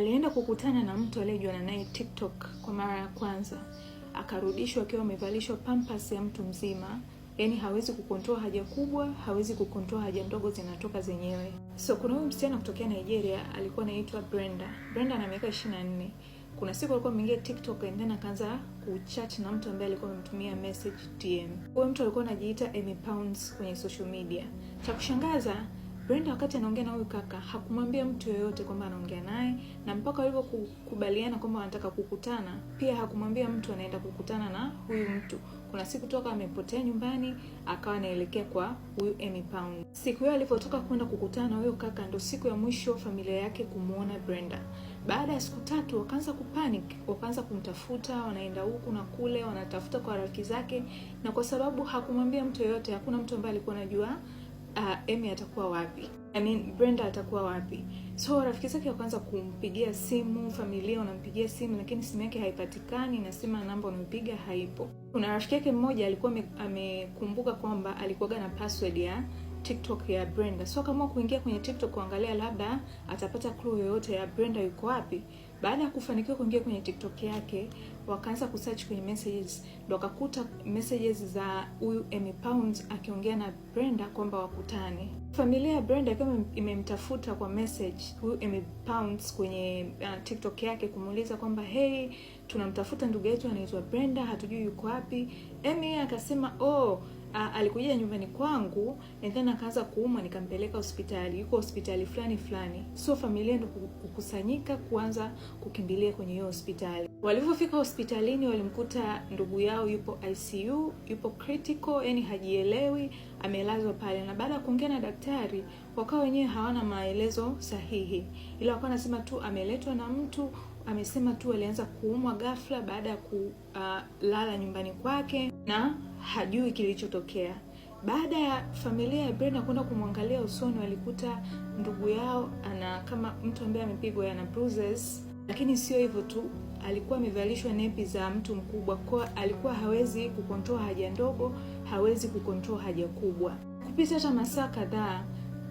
Alienda kukutana na mtu aliyejuana naye TikTok kwa mara ya kwanza, akarudishwa akiwa amevalishwa pampas ya mtu mzima, yaani hawezi kukontoa haja kubwa, hawezi kukontoa haja ndogo, zinatoka zenyewe. So kuna huyu msichana kutokea Nigeria alikuwa anaitwa Brenda. Brenda ana miaka 24. Kuna siku alikuwa ameingia TikTok and then akaanza kuchat na mtu ambaye alikuwa amemtumia message DM. Huyo mtu alikuwa anajiita Amy Pounds kwenye social media. Cha kushangaza Brenda wakati anaongea na huyu kaka hakumwambia mtu yoyote kwamba anaongea naye, na mpaka walipokubaliana kwamba wanataka kukutana, pia hakumwambia mtu anaenda kukutana na huyu mtu. Kuna siku toka amepotea nyumbani, akawa anaelekea kwa huyu Pound. Siku hiyo alipotoka kwenda kukutana na huyo kaka, ndo siku ya mwisho familia yake kumwona Brenda. Baada ya siku tatu wakaanza kupanic, wakaanza kumtafuta, wanaenda huku na kule, wanatafuta kwa rafiki zake, na kwa sababu hakumwambia mtu yoyote, hakuna mtu ambaye alikuwa anajua uh, Amy atakuwa wapi? I mean, Brenda atakuwa wapi? So rafiki zake wa kwanza kumpigia simu, familia unampigia simu, lakini simu yake haipatikani, na nasema namba unampiga haipo. Kuna rafiki yake mmoja alikuwa amekumbuka kwamba alikuaga na password ya TikTok ya Brenda, so akaamua kuingia kwenye TikTok kuangalia labda atapata clue yoyote ya Brenda yuko wapi. Baada ya kufanikiwa kuingia kwenye TikTok yake, wakaanza kusearch kwenye messages, ndo akakuta messages za huyu Emmy Pounds akiongea na Brenda kwamba wakutane. Familia ya Brenda ikawa imemtafuta kwa message huyu Emmy Pounds kwenye uh, TikTok yake kumuuliza kwamba hey, tunamtafuta ndugu yetu anaitwa Brenda, hatujui yuko wapi. Emmy akasema oh Uh, alikuja nyumbani kwangu and then akaanza kuumwa, nikampeleka hospitali, yuko hospitali fulani fulani. So familia ndo kukusanyika kuanza kukimbilia kwenye hiyo hospitali. Walivyofika hospitalini, walimkuta ndugu yao yupo ICU, yupo critical, yani hajielewi, amelazwa pale. Na baada ya kuongea na daktari, wakawa wenyewe hawana maelezo sahihi, ila wakawa wanasema tu ameletwa na mtu amesema tu alianza kuumwa ghafla baada ya kulala uh, nyumbani kwake na hajui kilichotokea. Baada ya familia ya Brenda kwenda kumwangalia usoni, walikuta ndugu yao ana kama mtu ambaye amepigwa, ana bruises lakini sio hivyo tu, alikuwa amevalishwa nepi za mtu mkubwa, kwa alikuwa hawezi kukontoa haja ndogo, hawezi kukontoa haja kubwa. Kupita hata masaa kadhaa,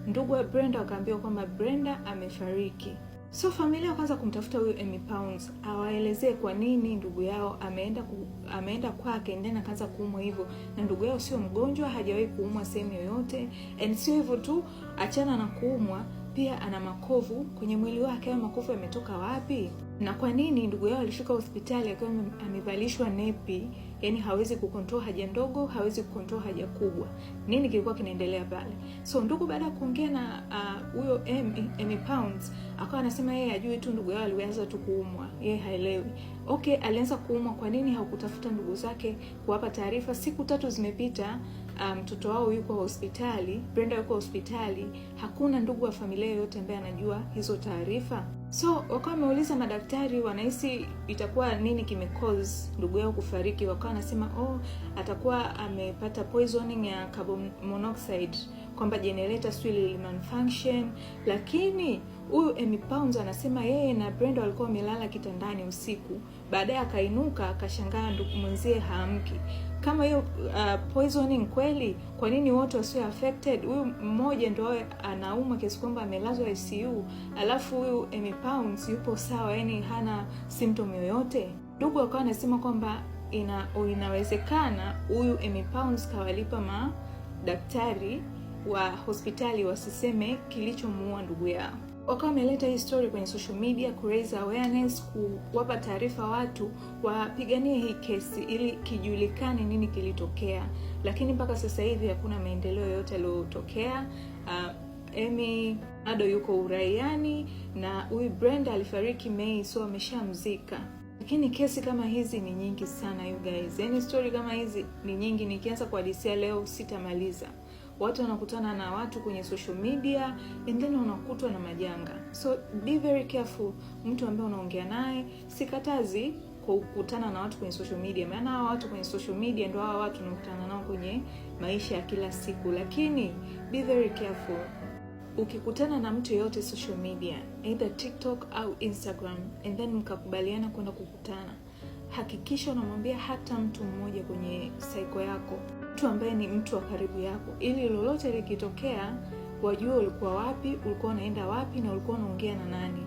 ndugu wa Brenda wakaambiwa kwamba Brenda amefariki. So familia wakaanza kumtafuta huyu Amy Pounds awaelezee kwa nini ndugu yao ameenda ku, ameenda kwake ndani akaanza kuumwa hivyo, na ndugu yao sio mgonjwa, hajawahi kuumwa sehemu yoyote. And sio hivyo tu, achana na kuumwa pia ana makovu kwenye mwili wake. Hayo makovu yametoka wapi? Na kwa nini ndugu yao alifika hospitali akiwa amevalishwa nepi? Yani hawezi kukontrol haja ndogo, hawezi kukontrol haja kubwa. Nini kilikuwa kinaendelea pale? So ndugu baada ya kuongea na uh, huyo uh, M Pounds akawa anasema yeye ajui tu ndugu yao alianza tu kuumwa, yeye haelewi. Okay, alianza kuumwa, kwa nini hakutafuta ndugu zake kuwapa taarifa? Siku tatu zimepita Um, mtoto um, wao yuko hospitali, Brenda yuko hospitali, hakuna ndugu wa familia yoyote ambaye anajua hizo taarifa. So wakawa wameuliza madaktari, wanahisi itakuwa nini kime cause ndugu yao kufariki. Wakawa wanasema oh, atakuwa amepata poisoning ya carbon monoxide, kwamba generator sio lili malfunction, lakini Huyu Amy Pounds anasema yeye na Brenda walikuwa wamelala kitandani usiku, baadaye akainuka akashangaa ndugu mwenzie haamki. Kama hiyo uh, poisoning kweli, kwa nini wote wasio affected? Huyu mmoja ndo anauma anaumwa kiasi kwamba amelazwa ICU, alafu huyu Amy Pounds yupo sawa, yani hana symptom yoyote. Ndugu akawa anasema kwamba ina, inawezekana huyu Amy Pounds kawalipa madaktari wa hospitali wasiseme kilichomuua ndugu yao wakawa wameleta hii story kwenye social media ku raise awareness, kuwapa taarifa watu wapiganie hii kesi ili kijulikane nini kilitokea, lakini mpaka sasa hivi hakuna maendeleo yoyote yaliyotokea. Uh, Emi bado yuko uraiani na huyu Brenda alifariki Mei, so ameshamzika. Lakini kesi kama hizi ni nyingi sana you guys, yani story kama hizi ni nyingi, nikianza kuhadisia leo sitamaliza watu wanakutana na watu kwenye social media and then wanakutwa na majanga. So be very careful mtu ambaye unaongea naye. Sikatazi kukutana na watu kwenye social media, maana hawa watu kwenye social media ndio hawa watu unakutana nao kwenye maisha ya kila siku, lakini be very careful ukikutana na mtu yeyote social media either TikTok au Instagram and then mkakubaliana kwenda kukutana, hakikisha unamwambia hata mtu mmoja kwenye saiko yako mtu ambaye ni mtu wa karibu yako, ili lolote likitokea wajue ulikuwa wapi, ulikuwa unaenda wapi na ulikuwa unaongea na nani.